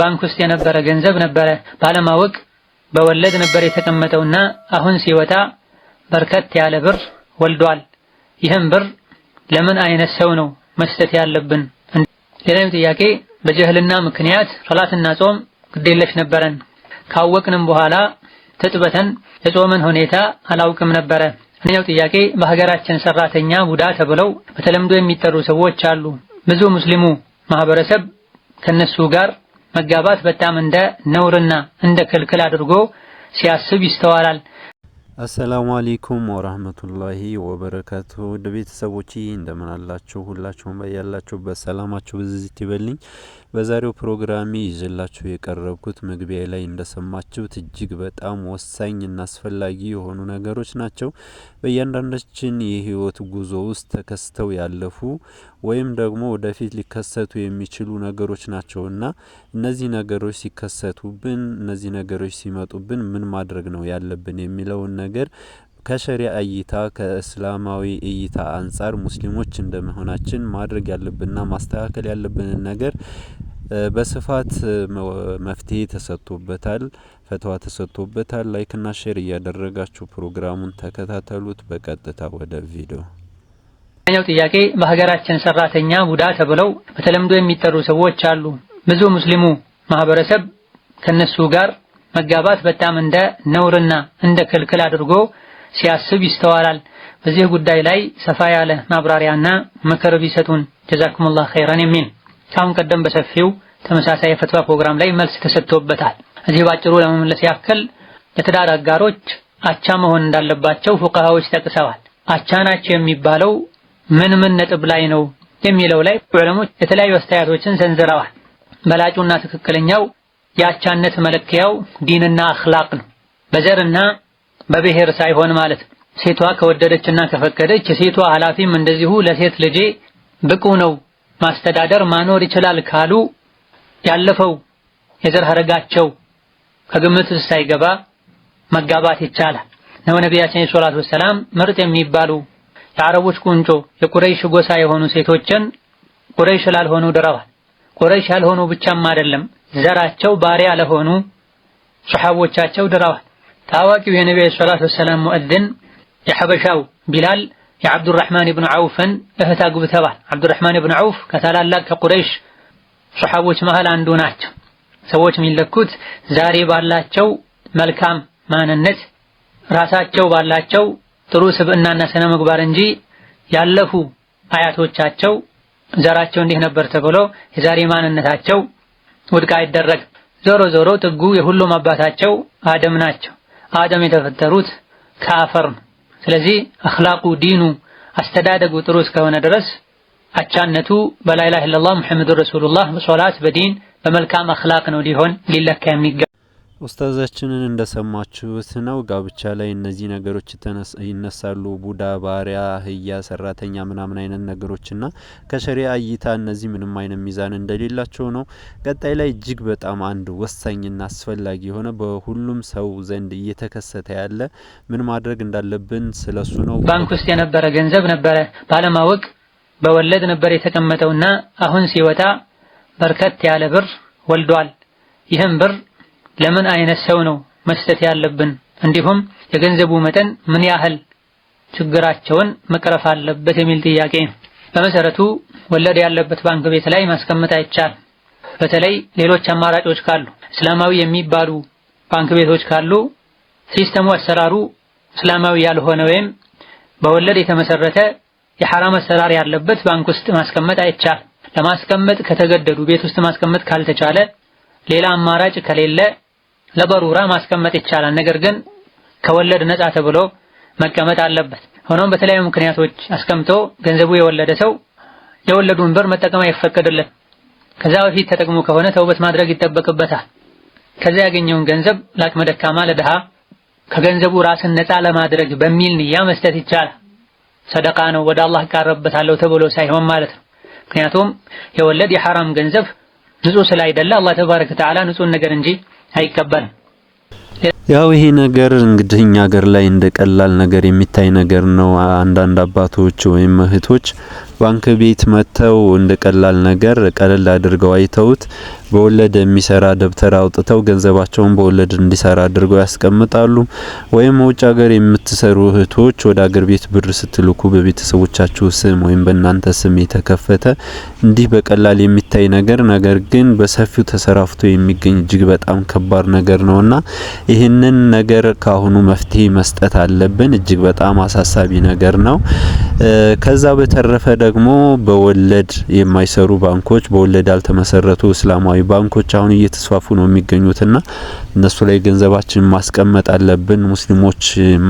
ባንክ ውስጥ የነበረ ገንዘብ ነበረ ባለማወቅ በወለድ ነበር የተቀመጠውና አሁን ሲወጣ በርከት ያለ ብር ወልዷል። ይህም ብር ለምን አይነት ሰው ነው መስጠት ያለብን? ሌላም ጥያቄ በጀህልና ምክንያት ሶላትና ጾም ግዴለሽ ነበረን። ካወቅንም በኋላ ተጥበተን የጾምን ሁኔታ አላውቅም ነበረ። አንደኛው ጥያቄ በሀገራችን ሰራተኛ ቡዳ ተብለው በተለምዶ የሚጠሩ ሰዎች አሉ። ብዙ ሙስሊሙ ማህበረሰብ ከነሱ ጋር መጋባት በጣም እንደ ነውርና እንደ ክልክል አድርጎ ሲያስብ ይስተዋላል። አሰላሙ አሌይኩም ወራህመቱላሂ ወበረካቱ። ወደ ቤተሰቦች እንደምን አላችሁ? ሁላችሁም በያላችሁበት ሰላማችሁ ብዝት ይበልኝ። በዛሬው ፕሮግራሚ ይዤላችሁ የቀረብኩት መግቢያ ላይ እንደሰማችሁት እጅግ በጣም ወሳኝና አስፈላጊ የሆኑ ነገሮች ናቸው። በእያንዳንዳችን የህይወት ጉዞ ውስጥ ተከስተው ያለፉ ወይም ደግሞ ወደፊት ሊከሰቱ የሚችሉ ነገሮች እና እነዚህ ነገሮች ሲከሰቱብን፣ እነዚህ ነገሮች ሲመጡብን ምን ማድረግ ነው ያለብን የሚለውን ነገር ከሸሪያ እይታ ከእስላማዊ እይታ አንጻር ሙስሊሞች እንደመሆናችን ማድረግ ያለብንና ማስተካከል ያለብንን ነገር በስፋት መፍትሄ ተሰጥቶበታል ፈተዋ ተሰጥቶበታል ላይክና ሼር እያደረጋችሁ ፕሮግራሙን ተከታተሉት። በቀጥታ ወደ ቪዲዮ ኛው ጥያቄ በሀገራችን ሰራተኛ ቡዳ ተብለው በተለምዶ የሚጠሩ ሰዎች አሉ። ብዙ ሙስሊሙ ማህበረሰብ ከነሱ ጋር መጋባት በጣም እንደ ነውርና እንደ ክልክል አድርጎ ሲያስብ ይስተዋላል። በዚህ ጉዳይ ላይ ሰፋ ያለ ማብራሪያና ምክር ቢሰጡን ጀዛኩሙላህ ኸይራን የሚል ከአሁን ቀደም በሰፊው ተመሳሳይ የፈትዋ ፕሮግራም ላይ መልስ ተሰጥቶበታል። እዚህ ባጭሩ ለመመለስ ያክል የትዳር አጋሮች አቻ መሆን እንዳለባቸው ፉቃሃዎች ጠቅሰዋል። አቻ ናቸው የሚባለው ምን ምን ነጥብ ላይ ነው የሚለው ላይ ዑለሞች የተለያዩ አስተያየቶችን ሰንዝረዋል። በላጩና ትክክለኛው የአቻነት መለኪያው ዲንና አኽላቅ ነው፣ በዘርና በብሔር ሳይሆን ማለት ነው። ሴቷ ከወደደችና ከፈቀደች ሴቷ ኃላፊም እንደዚሁ ለሴት ልጄ ብቁ ነው ማስተዳደር ማኖር ይችላል ካሉ ያለፈው የዘር ሀረጋቸው ከግምት ሳይገባ መጋባት ይቻላል ነው። ነቢያችን ሰለላሁ ዐለይሂ ወሰለም ምርጥ የሚባሉ የአረቦች ቁንጮ የቁረይሽ ጎሳ የሆኑ ሴቶችን ቁረይሽ ላልሆኑ ድረዋል። ቁረይሽ ያልሆኑ ብቻም አይደለም ዘራቸው ባሪያ ለሆኑ ሱሐቦቻቸው ድረዋል። ታዋቂው የነቢዩ ሰለላሁ ዐለይሂ ወሰለም ሙእዝን የሐበሻው ቢላል የዐብዱራህማን ብን ዐውፍን እህት አግብተዋል። ዐብዱራህማን ብን ዐውፍ ከታላላቅ ከቁረይሽ ሰሓቦች መሃል አንዱ ናቸው። ሰዎች የሚለኩት ዛሬ ባላቸው መልካም ማንነት ራሳቸው ባላቸው ጥሩ ስብዕናና ስነ ምግባር እንጂ ያለፉ አያቶቻቸው ዘራቸው እንዲህ ነበር ተብሎ የዛሬ ማንነታቸው ውድቅ አይደረግም። ዞሮ ዞሮ ጥጉ የሁሉም አባታቸው አደም ናቸው። አደም የተፈጠሩት ከአፈር ነው። ስለዚህ አኽላቁ ዲኑ አስተዳደጉ ጥሩ እስከሆነ ድረስ አቻነቱ በላይላ ኢላላህ ሙሐመዱን ረሱሉላህ በሶላት በዲን በመልካም አኽላቅ ነው ሊሆን ሊለካ የሚገባው። ኡስታዛችንን እንደሰማችሁት ነው። ጋብቻ ላይ እነዚህ ነገሮች ይነሳሉ። ቡዳ፣ ባሪያ፣ አህያ፣ ሰራተኛ ምናምን አይነት ነገሮችና ከሸሪያ እይታ እነዚህ ምንም አይነት ሚዛን እንደሌላቸው ነው። ቀጣይ ላይ እጅግ በጣም አንድ ወሳኝና አስፈላጊ የሆነ በሁሉም ሰው ዘንድ እየተከሰተ ያለ ምን ማድረግ እንዳለብን ስለሱ ነው። ባንክ ውስጥ የነበረ ገንዘብ ነበረ ባለማወቅ በወለድ ነበር የተቀመጠውና አሁን ሲወጣ በርከት ያለ ብር ወልዷል። ይህም ብር ለምን አይነት ሰው ነው መስጠት ያለብን፣ እንዲሁም የገንዘቡ መጠን ምን ያህል ችግራቸውን መቅረፍ አለበት የሚል ጥያቄ በመሰረቱ ወለድ ያለበት ባንክ ቤት ላይ ማስቀመጥ አይቻል። በተለይ ሌሎች አማራጮች ካሉ እስላማዊ የሚባሉ ባንክ ቤቶች ካሉ ሲስተሙ አሰራሩ እስላማዊ ያልሆነ ወይም በወለድ የተመሰረተ የሐራም አሰራር ያለበት ባንክ ውስጥ ማስቀመጥ አይቻል። ለማስቀመጥ ከተገደዱ ቤት ውስጥ ማስቀመጥ ካልተቻለ ሌላ አማራጭ ከሌለ ለበሩራ ማስቀመጥ ይቻላል። ነገር ግን ከወለድ ነፃ ተብሎ መቀመጥ አለበት። ሆኖም በተለያዩ ምክንያቶች አስቀምጦ ገንዘቡ የወለደ ሰው የወለዱን ብር መጠቀም አይፈቀድለት። ከዛ በፊት ተጠቅሞ ከሆነ ተውበት ማድረግ ይጠበቅበታል። ከዛ ያገኘውን ገንዘብ ለአቅመ ደካማ፣ ለድሃ ከገንዘቡ ራስን ነፃ ለማድረግ በሚል ንያ መስጠት ይቻላል። ሰደቃ ነው ወደ አላህ እቃረብበታለሁ ተብሎ ሳይሆን ማለት ነው። ምክንያቱም የወለድ የሐራም ገንዘብ ንጹህ ስላይደለ አላህ ተባረከ ተዓላ ንጹህን ነገር እንጂ አይከበርም። ያው ይሄ ነገር እንግዲህ እኛ ሀገር ላይ እንደ ቀላል ነገር የሚታይ ነገር ነው። አንዳንድ አባቶች ወይም እህቶች ባንክ ቤት መጥተው እንደ ቀላል ነገር ቀለል አድርገው አይተውት በወለድ የሚሰራ ደብተር አውጥተው ገንዘባቸውን በወለድ እንዲሰራ አድርገው ያስቀምጣሉ። ወይም ውጭ ሀገር የምትሰሩ እህቶች ወደ አገር ቤት ብር ስትልኩ በቤተሰቦቻችሁ ስም ወይም በእናንተ ስም የተከፈተ እንዲህ በቀላል የሚታይ ነገር ነገር ግን በሰፊው ተሰራፍቶ የሚገኝ እጅግ በጣም ከባድ ነገር ነውና ይህንን ነገር ካሁኑ መፍትሄ መስጠት አለብን። እጅግ በጣም አሳሳቢ ነገር ነው። ከዛ በተረፈ ደግሞ በወለድ የማይሰሩ ባንኮች በወለድ ያልተመሰረቱ እስላማ ዘመናዊ ባንኮች አሁን እየተስፋፉ ነው የሚገኙትና እነሱ ላይ ገንዘባችን ማስቀመጥ አለብን። ሙስሊሞች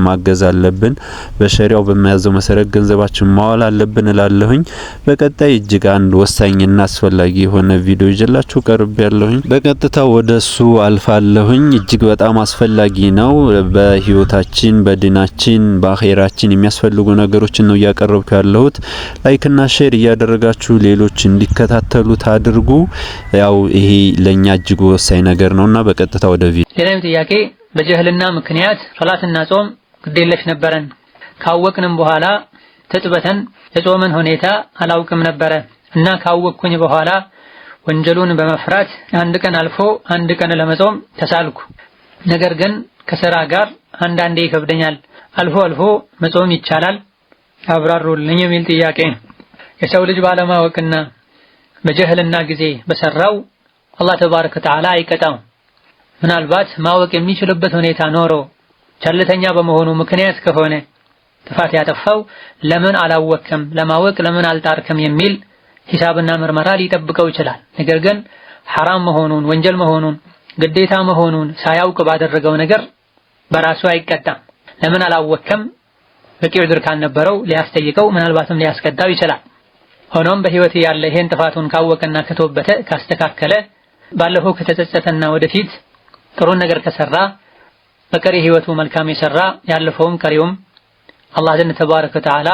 ማገዝ አለብን። በሸሪያው በሚያዘው መሰረት ገንዘባችን ማዋል አለብን እላለሁኝ። በቀጣይ እጅግ አንድ ወሳኝና አስፈላጊ የሆነ ቪዲዮ ይዤላችሁ ቀርብ ያለሁኝ። በቀጥታ ወደ እሱ አልፋለሁኝ። እጅግ በጣም አስፈላጊ ነው። በህይወታችን፣ በድናችን፣ በአኼራችን የሚያስፈልጉ ነገሮችን ነው እያቀረብኩ ያለሁት። ላይክና ሼር እያደረጋችሁ ሌሎች እንዲከታተሉት አድርጉ። ያው ይሄ ለኛ እጅግ ወሳኝ ነገር ነውና በቀጥታ ወደ ቪዲዮ። ጥያቄ በጀህልና ምክንያት ሶላትና ጾም ግዴለሽ ነበረን። ካወቅንም በኋላ ተጥበተን የጾምን ሁኔታ አላውቅም ነበረ እና ካወቅኩኝ በኋላ ወንጀሉን በመፍራት አንድ ቀን አልፎ አንድ ቀን ለመጾም ተሳልኩ። ነገር ግን ከሥራ ጋር አንዳንዴ ይከብደኛል። አልፎ አልፎ መጾም ይቻላል? አብራሩልኝ የሚል ጥያቄ የሰው ልጅ ባለማወቅና በጀህልና ጊዜ በሰራው አላህ ተባረከ ወተዓላ አይቀጣም። ምናልባት ማወቅ የሚችልበት ሁኔታ ኖሮ ቸልተኛ በመሆኑ ምክንያት ከሆነ ጥፋት ያጠፋው ለምን አላወቅክም፣ ለማወቅ ለምን አልጣርክም የሚል ሂሳብና ምርመራ ሊጠብቀው ይችላል። ነገር ግን ሐራም መሆኑን ወንጀል መሆኑን ግዴታ መሆኑን ሳያውቅ ባደረገው ነገር በራሱ አይቀጣም። ለምን አላወቅክም በቂ ዑድር ካልነበረው ሊያስጠይቀው ምናልባትም ሊያስቀጣው ይችላል። ሆኖም በህይወት ያለ ይሄን ጥፋቱን ካወቀና ከቶበተ ካስተካከለ ባለፈው ከተጸጸተና ወደፊት ጥሩ ነገር ከሰራ በቀሪ ህይወቱ መልካም የሰራ ያለፈውም ቀሪውም አላህ ዘንድ ተባረከ ወተዓላ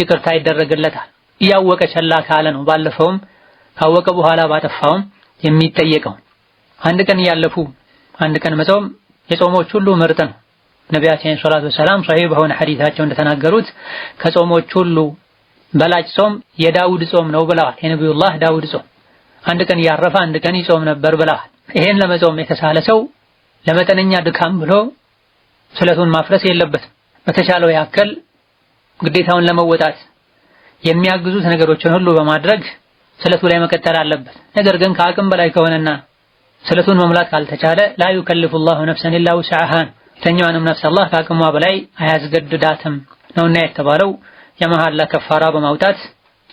ይቅርታ ይደረግለታል። እያወቀ ቸላ ካለ ነው ባለፈውም ካወቀ በኋላ ባጠፋውም የሚጠየቀው። አንድ ቀን እያለፉ አንድ ቀን መጾም የጾሞች ሁሉ ምርጥ ነው። ነቢያችን ሰለላሁ ዐለይሂ ሰሂህ በሆነ ሐዲታቸው እንደተናገሩት ከጾሞች ሁሉ በላጭ ጾም የዳውድ ጾም ነው ብለዋል። የነቢዩላህ ዳውድ ጾም አንድ ቀን እያረፈ አንድ ቀን ይጾም ነበር ብለዋል። ይሄን ለመጾም የተሳለ ሰው ለመጠነኛ ድካም ብሎ ስለቱን ማፍረስ የለበትም። በተቻለው ያክል ግዴታውን ለመወጣት የሚያግዙት ነገሮችን ሁሉ በማድረግ ስለቱ ላይ መቀጠል አለበት። ነገር ግን ከአቅም በላይ ከሆነና ስለቱን መሙላት ካልተቻለ ላ ዩከልፉላሁ ነፍሰን ኢላ ውስዐሃን የተኛዋንም ነፍስ አላህ ከአቅሟ በላይ አያስገድዳትም ነውና የተባለው የመሐላ ከፋራ በማውጣት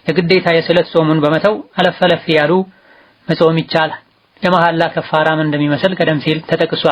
የግዴታ የስለት ጾሙን በመተው አለፈለፍ ያሉ መጾም ይቻላል። የመሐላ ከፋራም እንደሚመስል ቀደም ሲል ተጠቅሷል።